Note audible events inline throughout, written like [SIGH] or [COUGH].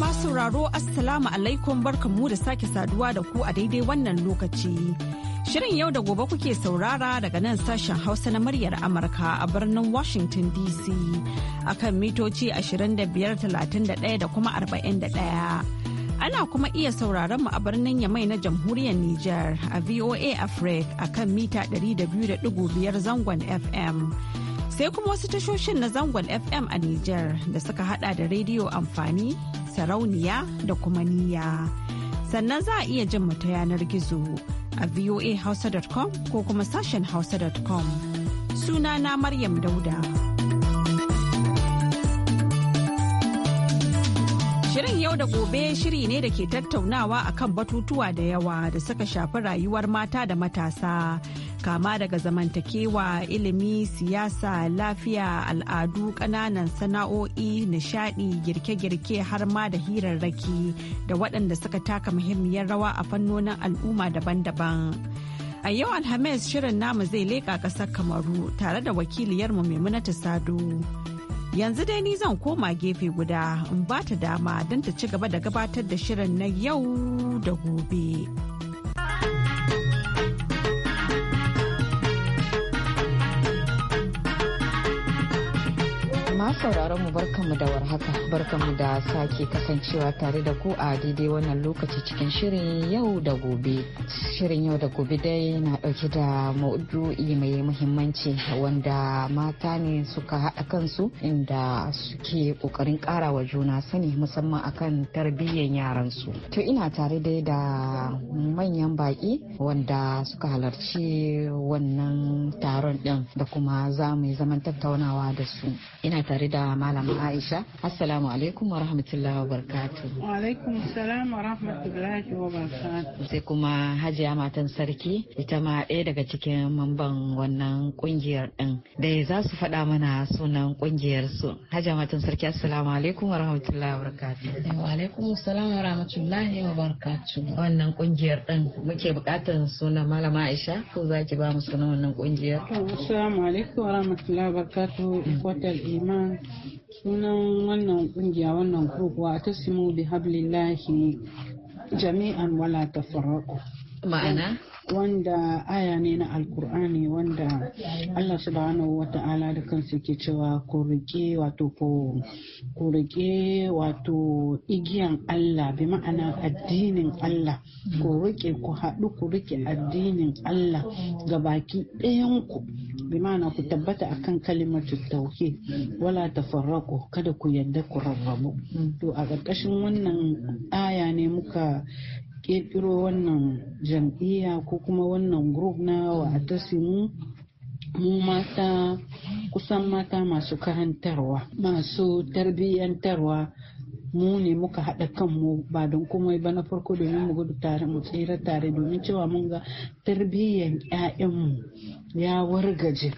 masu sauraro Assalamu alaikum barkamu da sake saduwa da ku a daidai wannan lokaci. Shirin yau da gobe kuke saurara daga nan sashen Hausa na muryar Amurka a birnin Washington DC akan mitoci 25,31 da kuma 41. Ana kuma iya sauraron mu a birnin Yamai na jamhuriyar Nijar a VOA Africa akan mita 200.5 zangon FM. sai kuma wasu tashoshin na zangon FM a Nijar da suka hada da rediyo amfani sarauniya da kuma niyya. Sannan za a iya jin mu ta yanar gizo a voahausa.com ko kuma sashen hausa.com. na Maryam Dauda. Shirin yau da gobe shiri ne da ke tattaunawa akan batutuwa da yawa da suka shafi rayuwar mata da matasa. kama daga zamantakewa ilimi siyasa lafiya al'adu ƙananan sana'o'i nishadi girke-girke har ma da hirarraki da waɗanda suka taka muhimmiyar rawa a fannonin al'umma daban-daban a yau alhamis shirin namu zai leƙa ƙasar kamaru tare da wakiliyarmu maimunatu sado yanzu dai ni zan koma gefe guda in ba ta dama don ta ci gaba da gabatar da shirin na yau da gobe. sauraron mu barkanmu da warhaka mu da sake kasancewa tare da ku a daidai wannan lokaci cikin shirin yau da gobe. Shirin yau da gobe dai na dauke da maudu'i mai muhimmanci wanda mata ne suka haɗa kansu inda suke ƙoƙarin ƙara wa juna sani musamman akan tarbiyyar yaransu. To ina tare dai da manyan baƙi wanda suka halarci wannan taron ɗin da kuma za mu yi zaman tattaunawa da su. Ina tare da malama Aisha. Assalamu alaikum wa rahmatullahi wa barakatu. Wa alaikum salam wa rahmatullahi wa barakatu. Sai kuma Hajiya Matan Sarki ita ma ɗaya daga cikin mamban wannan kungiyar ɗin. Da za su faɗa mana sunan kungiyar su. Hajiya Matan Sarki Assalamu alaikum wa rahmatullahi wa barakatu. Wa alaikum salam wa rahmatullahi wa barakatu. Wannan kungiyar ɗin muke buƙatar sunan malama Aisha ko za ki ba mu sunan wannan kungiyar. Assalamu alaikum wa rahmatullahi wa barakatu. Kwatar Iman sunan wannan kungiya wannan a ta simu bi hablillahi jami'an wala tafarraqu ma'ana wanda aya ne na alkur'ani wanda Allah subhanahu wa ta'ala da kansu ke cewa kurike wato ku wato igiyan Allah bi ma'ana addinin Allah ku rike ku haɗu ku rike addinin Allah ga baki ɗayan ku bi ma'ana ku tabbata akan kalimar tauhid wala tafarraqu kada ku yadda ku rarrabu to a ƙarƙashin wannan aya ne muka kirkiro wannan jam'iyya ko kuma wannan group na wa'atasimu mu mata kusan mata masu karantarwa masu tarbiyyantarwa mu ne muka haɗa kanmu ba don komai ba na farko domin mu gudu tare mu tsira tare domin cewa mun ga tarbiyyar 'ya'yanmu ya wargaje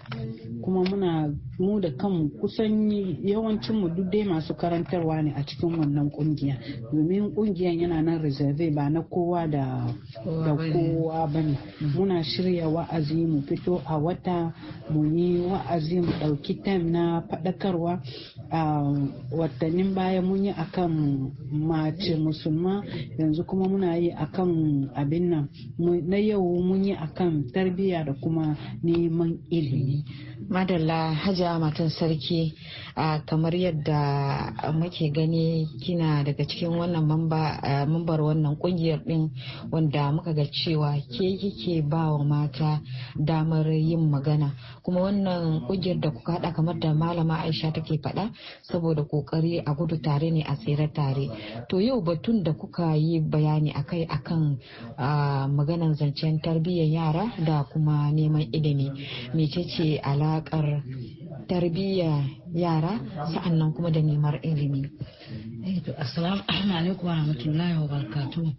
kuma muna mu da kanmu kusan yawancin mu duk dai masu karantarwa ne a cikin wannan kungiya domin kungiyan yana nan reserve ba na kowa da kowa ba ne muna shirya wa'azi mu fito a wata mu yi wa'azi mu ɗauki time na faɗakarwa a ah, watannin baya mun yi a akan mace musulma yanzu kuma muna yi akan abin nan na yau mun yi akan tarbiyya da kuma neman ilimi madalla hajja matan sarki kamar yadda muke gani kina daga cikin wannan mambar wannan kungiyar din wanda muka ga cewa ke kike ba wa mata damar yin magana kuma wannan kungiyar da kuka hada kamar da malama aisha take faɗa saboda kokari a gudu tare ne a tsere tare to yau batun da kuka yi bayani akai akan maganan zancen tarbiyyar yara da kuma neman ilimi mecece alakar tarbiyyar yara sa'annan kuma da neman ilimi Eh, assalamu alaikum wa rahmatullahi wa barakatu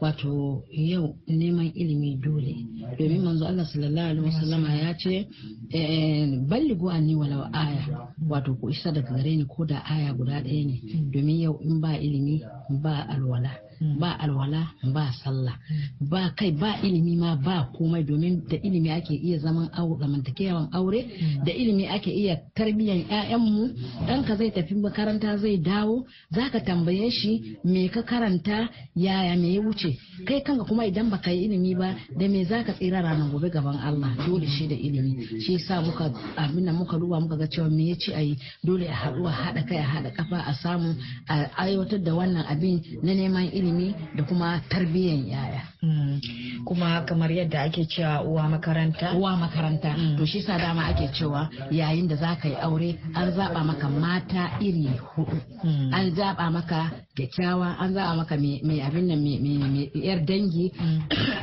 wato yau neman ilimi dole domin manzo Allah sallallahu alaihi wasallama ya ce eh, balligu anni walau aya wato ku isa daga gare ni ko da aya guda ɗaya ne domin yau in ba ilimi ba alwala ba alwala ba sallah ba kai ba ilimi ma ba komai domin da ilimi ake iya zaman mantakewan aure da ilimi ake iya tarbiyyar 'ya'yanmu ɗanka zai tafi makaranta zai dawo za zaka tambaye shi me ka karanta yaya me ya wuce kai kanka kuma idan baka yi ilimi ba da me zaka tsira ranar gobe gaban Allah dole shi da ilimi shi yasa muka abin da muka duba muka ga cewa me ya ci a yi dole a haɗu a haɗa kai a haɗa kafa a samu a aiwatar da wannan abin na neman ilimi da kuma tarbiyyan yaya hmm. kuma kamar yadda ake cewa uwa makaranta uwa makaranta hmm. to shi sa dama ake cewa yayin da za ka yi aure an zaba maka mata iri hudu hmm. an zaba zaba maka kyakkyawa an zaba maka mai abin nan mai yar dangi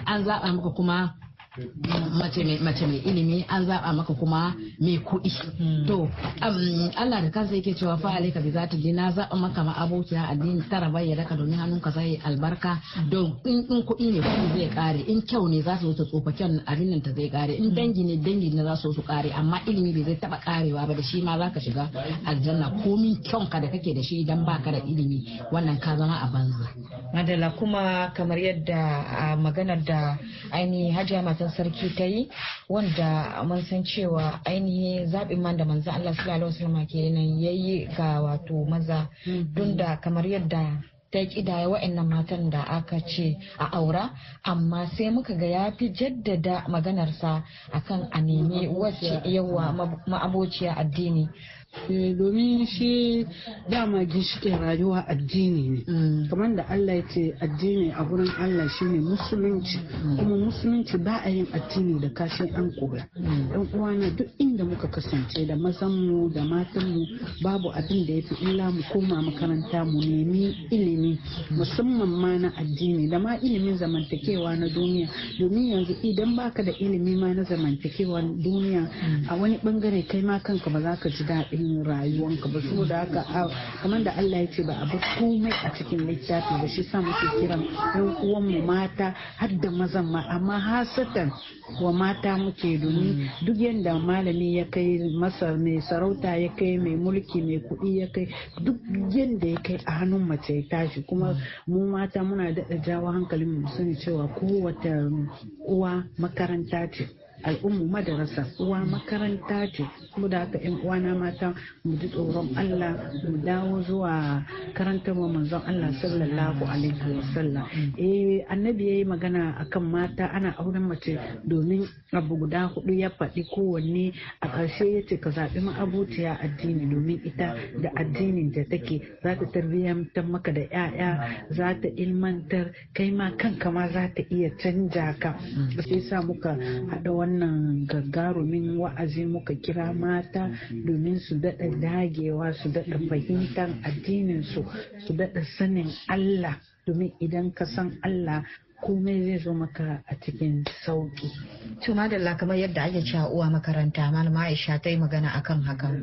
an zaba maka kuma mace mai ilimi an zaba maka kuma mai kuɗi hmm. to Allah da kansa yake cewa fa alaika bi zata na zaba maka ma abokiya addini tara bayyana ka domin hannun ka zai albarka don hmm. in kuɗi ne kuɗi zai kare in kyau ne za su zo ta tsofa kyan abin ta zai kare in hmm. dangi ne dangi ne za su su kare amma ilimi bai zai taba karewa ba da shi ma zaka shiga aljanna komin ka da kake da shi idan baka da ilimi wannan ka zama a banza madala kuma kamar yadda maganar da ainihin hajjama matan sarki ta yi wanda mun san cewa ainihin zaɓin man da manzo Allah sallallahu alaihi wasallam ya yayi ga wato maza don mm-hmm. da kamar yadda ta kidaya wa'annan matan da aka ce a aura amma sai muka ga ya fi jaddada maganarsa akan a nemi wacce yawa ma'abociya addini Eh, domin shi dama ginshiƙin rayuwa addini ne mm. kamar da Allah ya ce addini a gurin Allah shine musulunci mm. kuma musulunci ba a yin addini da kashe an kura yan uwana mm. duk inda muka kasance da mazanmu da matanmu babu abin da ya fi illa mu koma makaranta mu nemi ilimi musamman ma na addini da ma ilimin zamantakewa na duniya domin yanzu idan baka da ilimi ma na zamantakewa duniya a wani bangare kai ma kanka ba za ka ji daɗi irin rayuwanka ba saboda haka kamar da Allah ya ce ba a bar komai a cikin littafi ba shi sa muke kiran yan mu mata har da mazan ma amma hasatan wa mata muke domin duk yadda malami ya kai masa mai sarauta ya kai mai mulki mai kuɗi ya kai duk yadda ya kai a hannun mace ya tashi kuma mu mata muna daɗa jawo hankalin mu sani cewa kowace uwa makaranta ce al'ummu madarasa uwa makaranta ce kuma da haka yan uwana mata mu ji tsoron Allah mu dawo zuwa karanta mu manzon Allah sallallahu alaihi wasallam eh annabi yayi magana akan mata ana auren mace domin abu guda hudu ya faɗi kowanne a ƙarshe ya ce ka zaɓi ma'abuciya addini domin ita da addinin da take za ta tarbiyyantar maka da 'ya'ya za ta ilmantar kai ma kanka ma za ta iya canja ka sai sa muka haɗa wannan gagarumin wa'azi muka kira mata domin su daɗa dagewa su daɗa fahimtar addinin su su daɗa sanin Allah domin idan ka san Allah komai zai zo maka a cikin sauki. To madalla kamar yadda ake cewa uwa makaranta malama Aisha ta yi magana akan hakan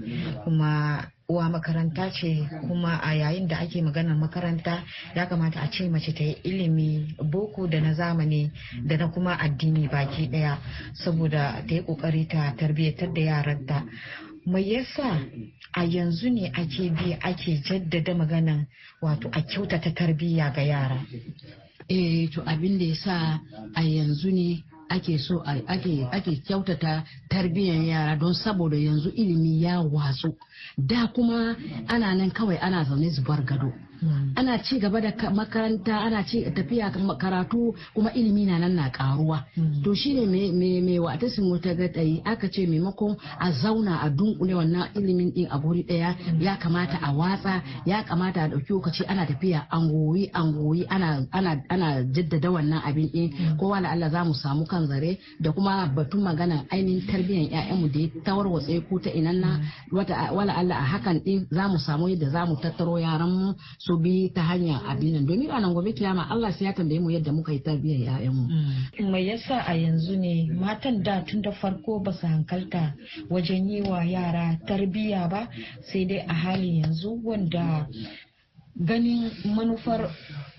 kuma uwa makaranta ce kuma a yayin da ake maganar makaranta ya kamata a ce mace ta yi ilimi boko da na zamani da na kuma addini baki daya saboda ta yi kokari ta tarbiyyatar da yaranta mai yasa a yanzu ne ake bi ake jaddada maganan wato a kyautata tarbiyya ga yara eh to abin da ya sa a yanzu ne ake so ake kyautata tarbiyyar yara don saboda yanzu ilimi ya watsu da kuma ana nan kawai ana zaune zubar gado Mm. ana ci gaba da makaranta ana ci tafiya karatu kuma ilimi na nan na karuwa mm. to shine me me wa ta sun wata ga dai aka ce maimakon a zauna a dunkule wannan ilimin din a guri daya mm. ya kamata a watsa ya kamata a dauki lokaci ana tafiya an goyi an goyi ana ana ana jaddada wannan abin din kowa da Allah za samu kan zare da kuma batun magana ainihin tarbiyyar ƴaƴanmu da ya tawarwatse ko ta inanna wala Allah a hakan din zamu samu yadda zamu tattaro yaran mu su bi ta hanya abinan domin ranar gobe kiyama Allah sai ya tambaye mu yadda muka yi tarbiyyar yayanmu Mai mm. yasa a yanzu ne matan da tun da farko ba su hankalta wajen yi wa yara tarbiyya ba sai dai a halin yanzu wanda ganin manufar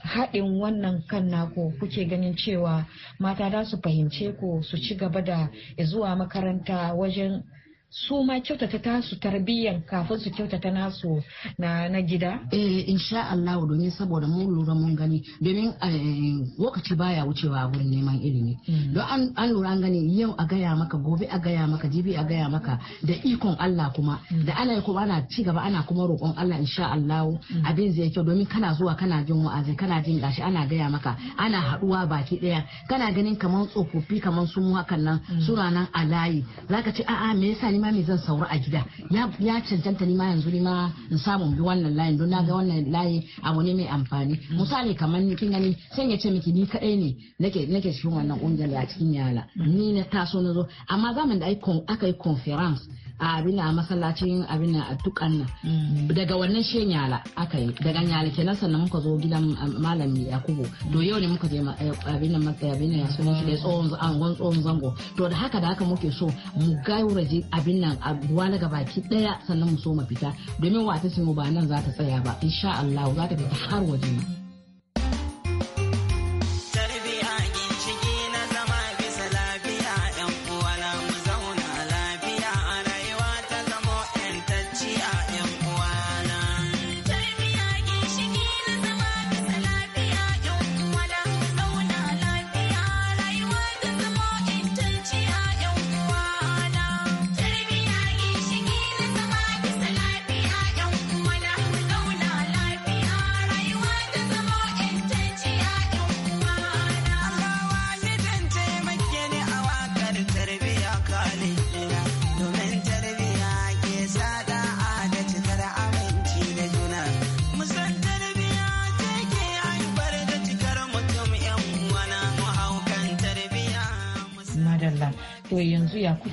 haɗin wannan kan nako kuke ganin cewa mata da su fahimce ko su ci gaba da zuwa makaranta wajen su ma kyautata tasu tarbiyyar kafin su kyautata nasu na, na gida? Eh insha Allah domin saboda mun lura mun gani domin eh, lokaci baya wucewa wurin neman ilimi. Hmm. Don an lura an gani yau a gaya maka gobe a gaya maka jibi a gaya maka da ikon Allah kuma hmm. da ana kuma ana ci gaba ana kuma roƙon Allah insha Allah hmm. abin zai kyau domin kana zuwa kana jin wa'azi kana jin gashi ana gaya maka ana haɗuwa baki ɗaya kana ganin kaman tsofaffi kaman sun hakan nan suna nan a layi zaka ce a'a me yasa nima me zan sauri a gida ya cancanta nima yanzu nima in samu bi wannan layin don na ga wannan layin abu ne mai amfani misali kamar ni kin gani sai ya ce miki ni kadai ne nake nake cikin wannan ungiyar a cikin yala ni na taso na zo amma zamanin da aka yi conference a abin a masallacin abin a tukan nan mm. daga wannan she nyala aka yi daga nyala kenan sannan muka zo gidan um, malami yakubu Do yau ne muka je eh, abin nan eh, abin nan sunan shi da tsohon tsohon zango to da haka da haka muke so mu gauraje abin nan a ruwa daga baki daya sannan mu so mu fita domin wata mu ba nan za ta tsaya ba insha Allah za ta fita har waje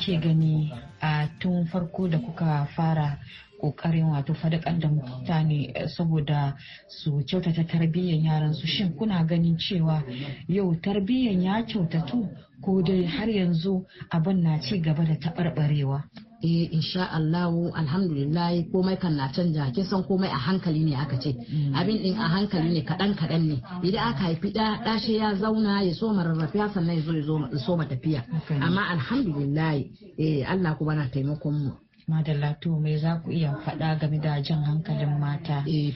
kuke gani a tun farko da kuka fara kokarin wato fadakar da mutane eh, saboda su kyautata tarbiyyar yaran su shin kuna ganin cewa yau tarbiyyar ya kyautatu ko dai har yanzu abin na ci gaba da taɓarɓarewa eh insha Allah alhamdulillah komai kan na canja kin san komai a hankali ne aka ce mm. abin din a hankali ne kadan kadan ne idan aka haifi da dashe ya zauna ya so mararrafiya sannan ya zo ya so tafiya amma alhamdulillah eh Allah kuma na taimakon mu Madalla to me za ku iya faɗa game da jan hankalin mata eh,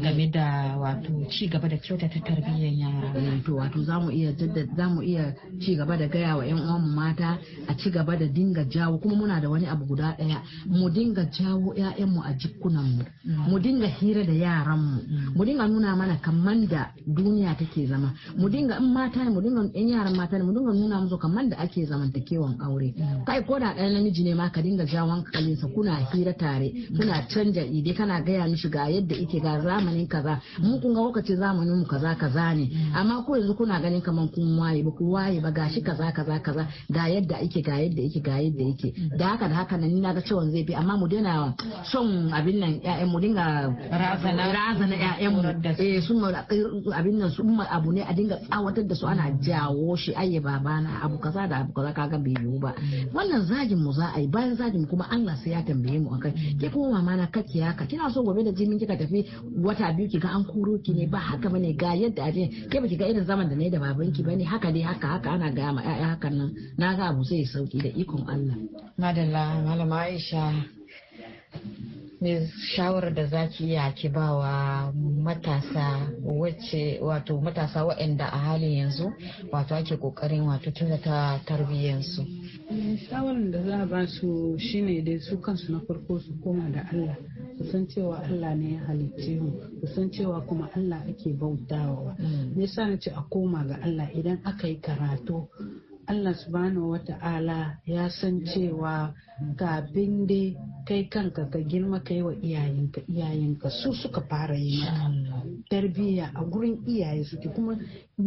game da wato ci gaba da kyautata tarbiyyar yara. Eh, to wato za mu iya za mu iya ci gaba da gaya wa 'yan uwan mata a ci gaba da dinga jawo kuma muna da wani abu guda ɗaya mu dinga jawo mu a jikunan mu mm. mu dinga hira da yaran mu mm. mu dinga nuna mana kaman da duniya take zama mu dinga in mata ne mu dinga in yaran mata ne mu dinga nuna musu kaman da ake zamantakewan aure mm. kai ko da ɗaya namiji ne ma ka dinga jawo hankali iyalinsa kuna hira tare kuna canja ide kana gaya mishi ga yadda ike ga zamanin kaza mu kun ga lokacin zamanin mu kaza kaza ne amma ko yanzu kuna ganin kaman kun waye ba ku waye ba gashi kaza kaza kaza ga yadda ike ga yadda ike ga yadda ike da haka da haka nan na ga cewa zai bi amma mu daina son abin nan ƴaƴan mu dinga razana razana ƴaƴan mu eh sun abin nan su abu ne a dinga tsawatar da su ana jawo shi ayye babana abu kaza da abu kaza kaga bai yiwu ba mm. wannan zagin mu za a yi bayan zagin kuma Allah sai ya tambaye mu akai ke kuma mama na kake haka kina so gobe da jimin kika tafi wata biyu ga an kuro ki ne ba haka bane ga yadda aje ke baki ga irin zaman da nayi da babanki bane haka dai haka haka ana ga ma ƴaƴa hakan nan na ga abu sai sauki da ikon Allah madalla malama Aisha me shawarar da za ki iya ki ba wa matasa wacce wato matasa waɗanda a halin yanzu wato ake kokarin wato ta tarbiyyansu eh, shawarar da za a ba su shine dai su kansu na farko su koma da Allah su san cewa Allah ne ya halicce mu su san cewa kuma Allah ake bautawa ne mm. sa na ce a koma ga Allah idan aka yi karatu Allah subhanahu wa ta'ala ya san cewa kafin dai kai kanka ka girma ka yi wa iyayenka iyayenka su suka fara yi maka tarbiyya a gurin iyaye suke kuma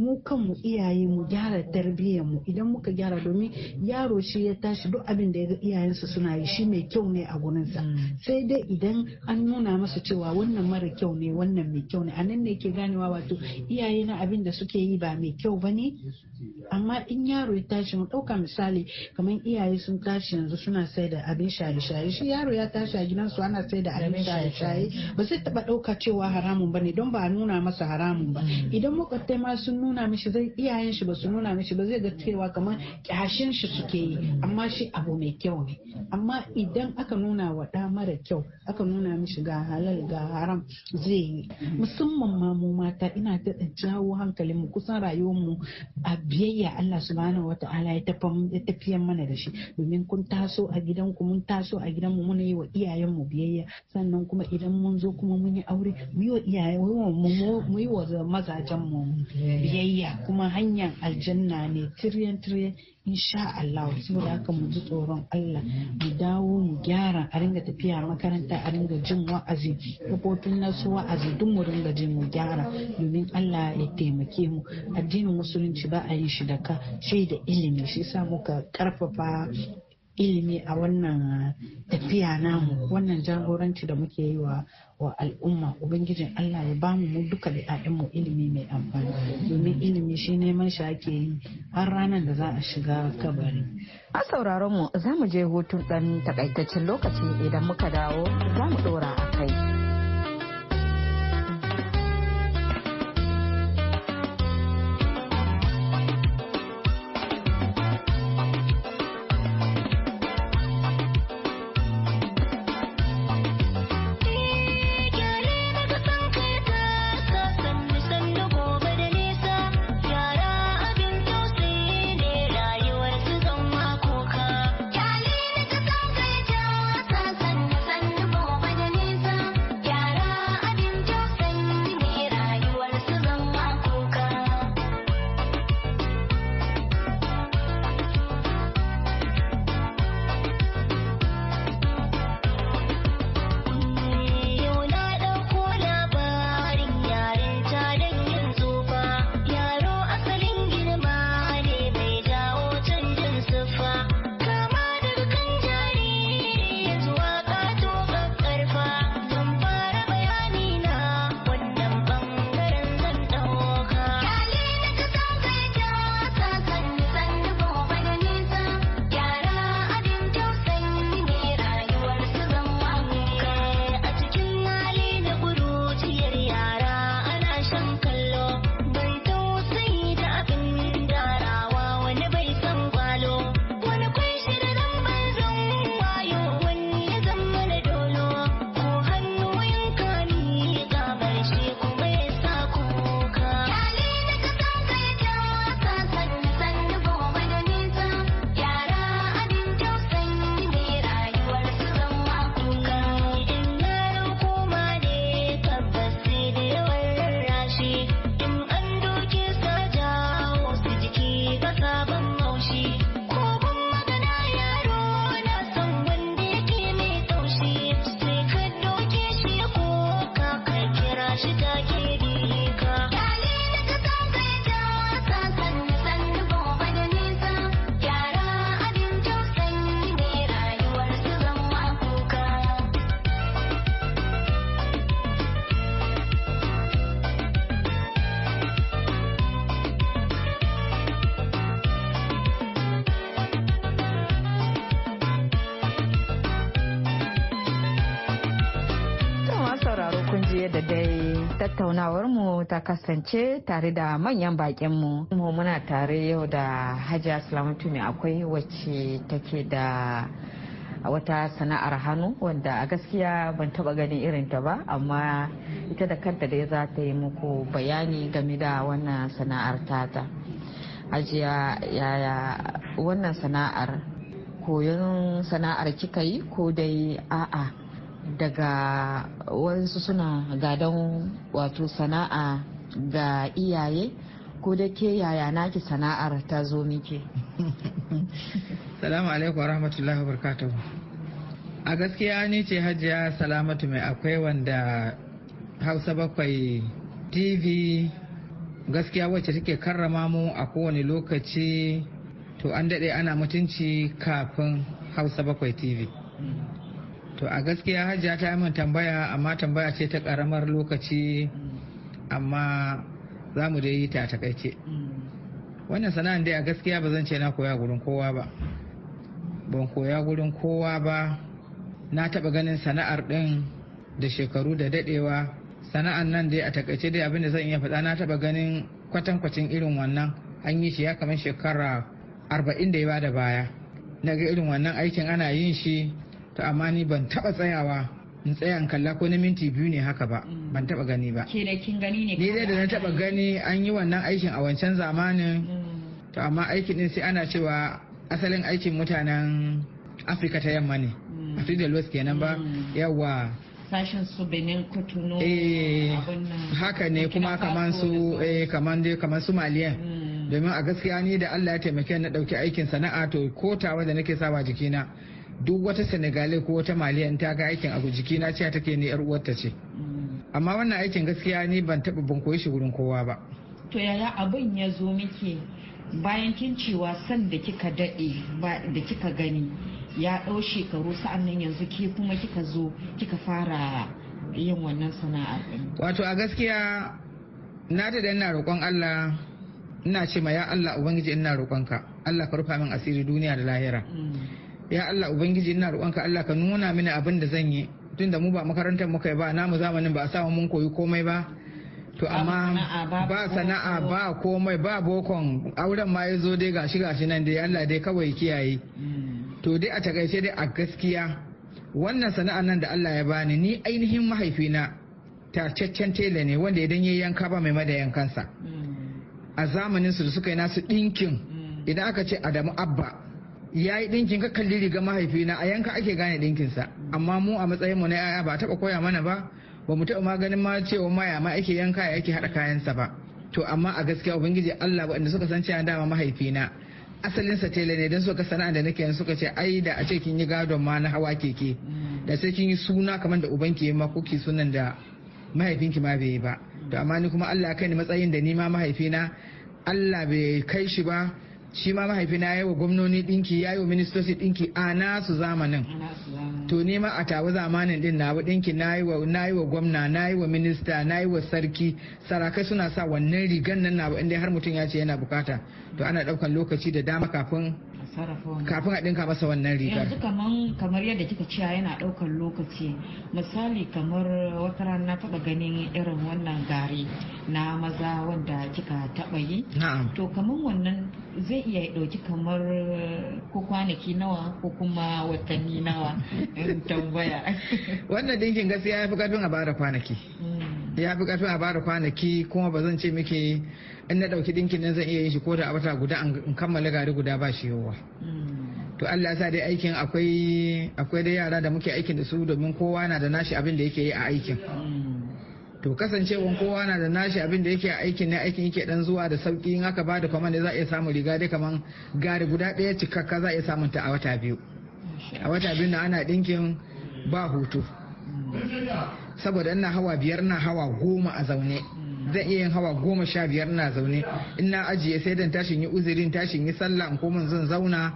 mu kanmu iyaye mu gyara tarbiyyar mu idan muka gyara domin yaro shi ya tashi duk abin da ya ga iyayensa suna yi shi mai kyau ne a gurinsa mm. sai dai idan an nuna masa cewa wannan mara kyau ne wannan mai kyau ne a nan ne ke ganewa wato iyaye na abin da suke yi ba mai kyau ba ne amma in yaro ya tashi mu ɗauka misali kamar iyaye sun tashi yanzu suna sai da abin shaye-shaye shi yaro ya tashi a gidansu ana sai da abin shaye-shaye ba zai taɓa ɗauka cewa haramun ba ne don ba a nuna masa haramun ba mm. idan muka ma sun nuna mishi zai iyayen shi ba su nuna mishi ba zai ga cewa kamar kyashin shi suke yi amma shi abu mai kyau ne amma idan aka nuna wa ɗa mara kyau aka nuna mishi ga halal ga haram zai yi musamman ma mu mata ina da jawo hankalin mu kusan rayuwar mu a biyayya Allah subhanahu wa ta'ala ya tafiyan mana da shi domin kun taso a gidan ku mun taso a gidan mu muna yi wa iyayen mu biyayya sannan kuma idan mun zo kuma mun yi aure mu yi wa iyayen mu yi wa mazajen mu biyayya kuma hanyar aljanna ne tiryan tiryan insha Allah saboda haka mu ji tsoron Allah mu dawo mu gyara a ringa tafiya makaranta a ringa jin wa'azi kafofin nasu wa'azi duk mu ringa jin mu gyara domin Allah ya taimake mu addinin musulunci ba a yin shi da ka sai da ilimi shi sa muka karfafa ilimi a wannan tafiya namu wannan jagoranci da muke yi wa al'umma ubangijin Allah ya bamu mu duka da ƴaƴanmu ilimi mai amfani domin ilimi shi neman shi ake yi har ranar da za a shiga kabari a sauraron mu za mu je hutun ɗan takaitaccen lokaci idan muka dawo za mu ɗora a kai ta kasance tare da manyan bakinmu. Mu muna tare yau da hajji Salamatu mai akwai wacce take da wata sana'ar hannu wanda a gaskiya ban taba ganin irin ta ba amma ita da kanta dai za ta yi muku bayani game da wannan sana'ar tata ajiya yaya wannan sana'ar koyon sana'ar kika yi ko dai a'a daga wasu suna gadon wato sana'a ga iyaye ko da ke yaya naki sana'ar ta zo miki [LAUGHS] salamu alaikum wa rahmatullahi wa barakatuhu a gaskiya ni ce hajiya salamatu mai akwai wanda hausa bakwai tv gaskiya wacce take karrama mu a kowane lokaci to an daɗe ana mutunci kafin hausa bakwai tv to a gaskiya hajiya ta yi min tambaya amma tambaya ce ta karamar lokaci amma za mu dai yi ta takaice wannan sana'an dai a gaskiya ba zan ce na koya gurin kowa ba ban koya gurin kowa ba na taɓa ganin sana'ar ɗin da shekaru da daɗewa sana'an nan dai a takaice dai abinda zan iya faɗa na taɓa ganin kwatankwacin irin wannan an yi shi ya kamar shekara arba'in da ya bada baya na ga irin wannan aikin ana yin shi to amma ni ban taba tsayawa in tsaya in kalla ko na minti biyu ne haka ba mm. ban taba gani ba kin gani ne ni dai da na taba gani an yi wannan aikin a wancan zamanin mm. to amma aikin din sai ana cewa asalin aikin mutanen afirka ta yamma ne mm. afirka da kenan ba yawa sashen su benin kutunu eh, haka ne kuma kaman su eh kaman dai kaman su maliyan domin a gaskiya ni da Allah ya taimake na dauki aikin sana'a to kotawa da nake sawa jikina duk wata senegalai ko wata maliyan ta ga aikin abu jiki na cewa take ne yar uwarta ce mm. amma wannan aikin gaskiya ni ban taba ban koyi shi wurin kowa ba to yaya abin ya zo miki bayan kin cewa san da kika dade da kika gani ya ɗau shekaru sa'annan yanzu ke kuma kika zo kika fara yin wannan sana'a wato a gaskiya na da na roƙon Allah ina ce ma ya Allah ubangiji ina roƙonka Allah ka rufa min asiri duniya da lahira mm. ya Allah ubangiji ina roƙonka Allah ka nuna mini abin da zan yi tunda mu ba makarantar muka yi ba namu zamanin ba a samu mun koyi komai ba to amma ba sana'a ba komai ba bokon auren ma ya zo dai gashi gashi nan dai Allah dai kawai kiyaye hmm. to dai a takaice dai a gaskiya wannan sana'a nan da Allah ya bani ni ainihin mahaifina cancan tela ne wanda idan ya yanka ba mai mada yankansa hmm. a zamanin su da suka yi nasu ɗinkin hmm. idan aka ce Adamu Abba ya yi ɗinkin ka kalli riga mahaifina a yanka ake gane ɗinkinsa amma mu a matsayin mu na yaya ba taɓa koya mana ba ba mu taɓa maganin ma cewa ya ma ake yanka ya ake haɗa kayansa ba to amma a gaskiya ubangiji Allah ba inda suka san cewa dama mahaifina asalin sa tela ne don suka sana'a da nake yanzu suka ce ai da a ce kin yi gadon ma na hawa keke da sai kin yi suna kamar da ubanki ya ma ki sunan da mahaifinki ma bai yi ba to amma ni kuma Allah ya kai ni matsayin da ni ma mahaifina Allah bai kai shi ba shi ma mahaifina ya yi wa gwamnoni dinki ya yi wa ministoci dinki a nasu zamanin to nema a tawo zamanin din na dinki na yi wa gwamna na yi wa minista na yi wa sarki sarakai suna sa wannan rigan nan na inda har mutum ya ce yana bukata to ana daukan lokaci da dama kafin kafin a dinka masa wannan rigar yanzu kaman kamar yadda kika cewa yana daukan lokaci misali kamar wata rana na taba ganin irin wannan gari na maza wanda kika taɓa yi to kamar wannan zai iya ɗauki kamar eh, ko kwanaki nawa ko kuma watanni nawa in tambaya [LAUGHS] wannan dinkin gaskiya ya fi karfin a bara kwanaki mm. ya fi karfin a bara kwanaki kuma ba zan ce miki in na ɗauki dinkin nan zan iya yin shi ko da a wata guda in kammala gari guda ba shi yawa mm. to Allah sa dai aikin akwai akwai dai yara da muke aikin da su domin kowa na da nashi abin da yake yi a aikin mm. to kasancewan kowa na da nashi abin da yake aikin ne aikin yake dan zuwa da sauki in aka bada kwaman ne za a iya samun riga dai kaman gari guda ɗaya cikakka za a iya samun ta a wata biyu a wata biyu na ana ɗinkin ba hutu saboda ina hawa biyar na hawa goma a zaune zan iya yin hawa goma sha biyar na zaune ina ajiye sai dan tashin yi uzurin tashin yi sallah in komin zan zauna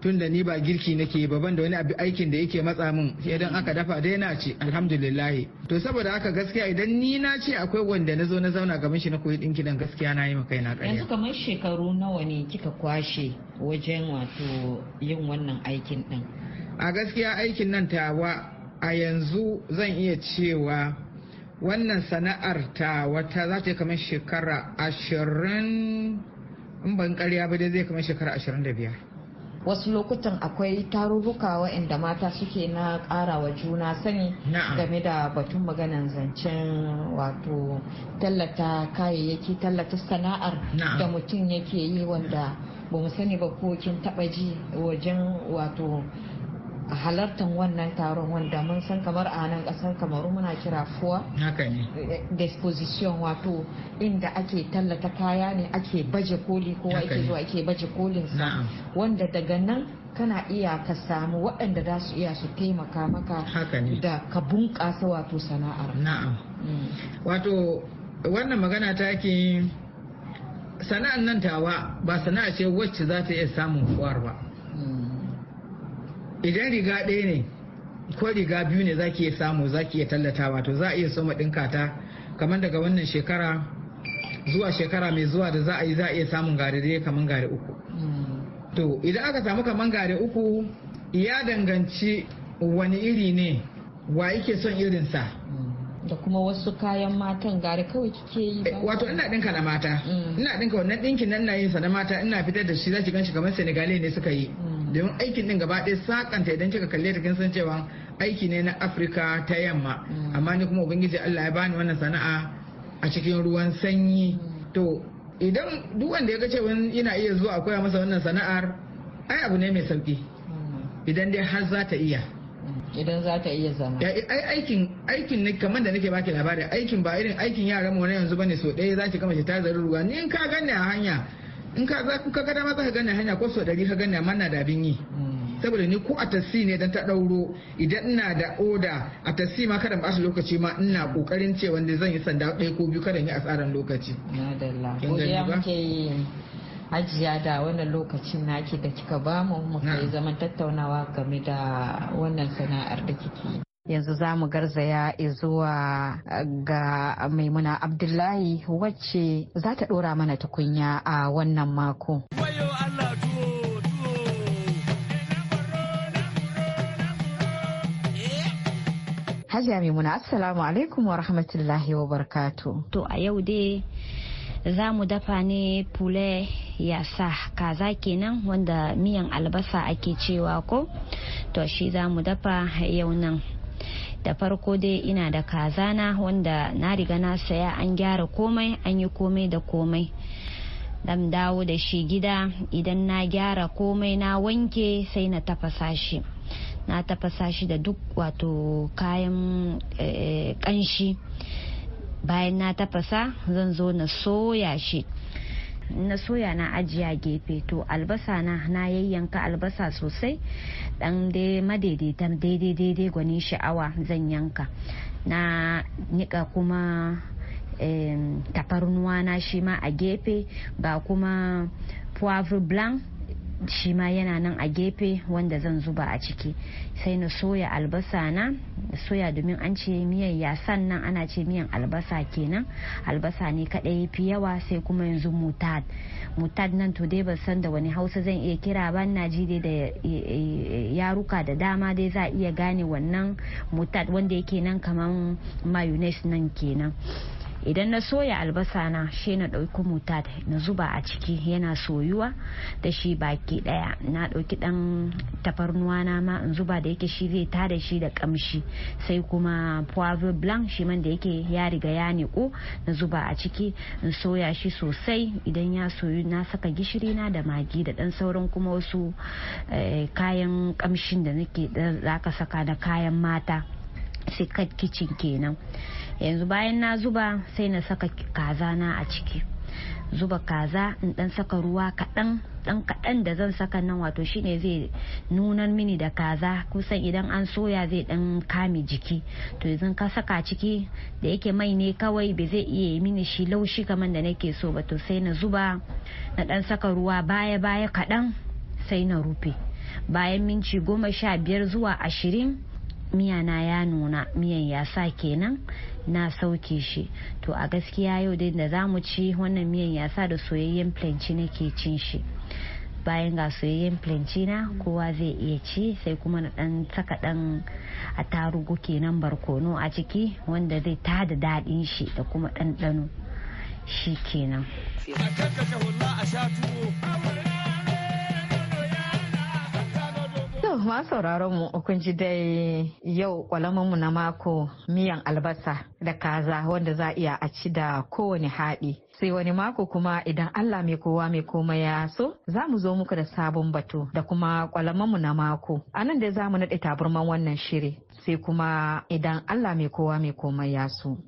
tun da ni ba girki nake ba ban da wani aikin da yake matsa min idan aka dafa dai na ce alhamdulillah to saboda haka gaskiya idan ni na ce akwai wanda na zo na zauna gaban shi na koyi dinki dan gaskiya na yi ma kaina ƙarya yanzu kamar shekaru nawa ne kika kwashe wajen wato yin wannan aikin din a gaskiya aikin nan tawa a yanzu zan iya cewa wannan sana'ar ta wata za ta kamar shekara ashirin in ban karya ba dai zai kamar shekara ashirin da biyar wasu lokutan akwai tarurruka waɗanda mata suke na wa juna sani game da batun maganan zancen wato tallata kayayyaki tallata sana'ar da mutum yake yi wanda ba mu sani ba ko kin taɓa ji wajen wato a halartar wannan taron wanda mun san kamar a nan kasar kamaru muna kira fuwa eh, disposition wato inda ake tallata kaya ne ake baje koli kowa ake zuwa ake baje sa wanda daga nan kana iya ka samu waɗanda za su iya su taimaka maka da ka bunƙasa wato sana'ar na'am mm. wato wannan magana ta ke sana'an nan tawa ba sana'a ce wacce za ta iya samun fuwar ba mm. idan riga ɗaya ne ko riga biyu ne zaki iya samu zaki iya tallatawa to za a iya soma ɗinkata ta kamar daga wannan shekara zuwa shekara mai zuwa da za a yi za a iya samun gare dai kamar gare uku hmm. to idan aka samu kamar gare uku ya danganci wani iri ne wa yake son irinsa hmm. da kuma wasu kayan matan gare kawai kike yi ba eh, wato ina dinka na mata hmm. ina dinka wannan dinkin nan na yin sa na mata ina fitar da shi zaki ganshi kamar Senegalese ne suka yi domin aikin din gaba ɗaya sakanta idan kika kalle ta kin san cewa aiki ne na afirka ta yamma mm. amma ni kuma ubangiji allah ya bani wannan sana'a a cikin ruwan sanyi mm. to idan duk wanda ya ga cewa yana iya zuwa a koya masa wannan sana'ar ai abu ne mai sauki mm. idan dai har za ta iya idan za ta iya zama ai aikin aikin ne kamar da nake baki labari aikin ba irin aikin yara mu na yanzu bane so ɗaya za ki kama ta zarin ruwa ni in ka ganni a hanya in ka za ka kaga dama za ka gane hanya ko so dari ka gane amma da abin yi saboda ni ko a tasi ne dan ta dauro idan ina da oda a tasi ma kada basu lokaci ma ina kokarin ce wanda zan yi sanda ɗaya ko biyu kada yi asaran lokaci madalla godiya muke ajiya da wannan lokacin naki da kika bamu mu kai zaman tattaunawa game da wannan sana'ar da kike yanzu za mu garzaya zuwa eh, ga maimuna abdullahi wacce za ta ɗora mana tukunya a wannan mako. Hajiya Maimuna Assalamu alaikum wa rahmatullahi wa barkatu. To a yau dai za mu dafa ne pule yasa kaza kenan wanda miyan albasa ake cewa ko to shi za mu dafa yau nan da farko dai ina da kazana wanda na riga na saya an gyara komai an yi komai da komai dan dawo da shi gida idan na gyara komai na wanke sai na tafasa shi na tafasa shi da duk wato kayan kanshi eh, bayan na tafasa zan zo na soya shi na soya na ajiya gefe to albasa na na yayyanka albasa sosai dan dai madaidaitan daidai daidai gwani sha'awa zan yanka na nika kuma tafarnuwa na shi ma a gefe ba kuma poivre blanc shi ma yana nan a gefe wanda zan zuba a ciki sai na soya albasa na soya domin an ce miyan ya sannan ana ce miyan albasa kenan albasa ne kadai fi yawa sai kuma yanzu mutad mutad nan to dai ban san da wani hausa zan iya kira ba na ji dai da e, e, yaruka da dama dai za iya gane wannan mutad wanda yake nan kamar mayonnaise nan kenan idan na soya albasa na shi na ɗauki mutad na zuba a ciki yana soyuwa da shi baki ɗaya na ɗauki ɗan tafarnuwa na ma in zuba da yake shi zai tada shi da ƙamshi sai kuma poivre blanc shi man da yake ya riga ya niƙo na zuba a ciki in soya shi sosai idan ya soyu na saka gishiri na da magi da ɗan sauran kuma wasu eh, kayan ƙamshin da nake da zaka saka da kayan mata secret kicin kenan yanzu bayan na zuba sai na saka kaza na a ciki zuba kaza in dan saka ruwa kaɗan dan kaɗan da zan saka nan wato shine zai nunan mini da kaza kusan idan an soya zai dan kame jiki to yanzu ka saka ciki da yake mai ne kawai ba zai iya yi mini shi laushi kamar da nake so ba to sai na zuba na dan saka ruwa baya baya kaɗan sai na rufe bayan minci goma sha biyar zuwa ashirin miyana ya nuna miyan ya sa kenan na sauke shi to a gaskiya yau dai da za mu ci wannan miyan ya sa da soyayyen planci nake cin shi bayan ga soyayyen planci na kowa zai iya ci sai kuma na dan saka dan a tarugu kenan barkono a ciki wanda zai tada daɗin shi da kuma ɗanɗano shi kenan. To ma sauraron mu kun ji dai yau kwalamanmu na mako miyan albasa da kaza wanda za iya a ci da kowane haɗi. sai wani mako kuma idan Allah mai kowa mai koma ya so za mu zo muku da sabon batu da kuma kwalamanmu na mako a nan da za mu naɗe taburman wannan shiri sai kuma idan Allah mai kowa mai koma ya so.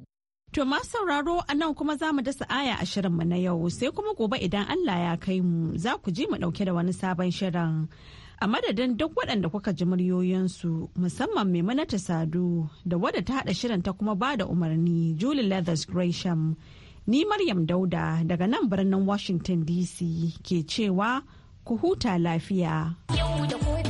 To ma sauraro a nan kuma za mu dasa aya a shirin mu na yau sai kuma gobe idan Allah ya kai mu za ku ji mu ɗauke da wani sabon shirin. a madadin duk waɗanda kuka ji muryoyinsu musamman mai maimunata sadu da wadda ta haɗa shirin ta kuma ba da umarni julie leathers gresham ni maryam dauda daga nan birnin washington dc ke cewa ku huta lafiya. Yau